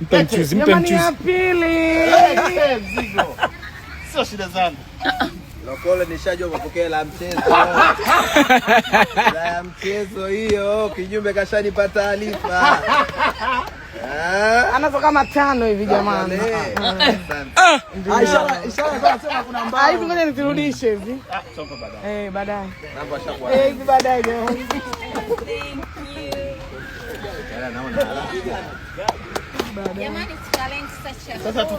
Mpe mchuzi, mpe mchuzi. Ya pili. Mzigo. Sio shida zangu. Lokole nishajua mapokeo la mchezo. La mchezo hiyo, kinyume kashanipa taarifa. Eh? Anazo kama tano hivi jamani. Ah, kuna mbao. Hivi ngoja ah, eh, nizirudishe eh, hivi. Eh, baadaye. Hivi baadaye naona. Jamani, sasa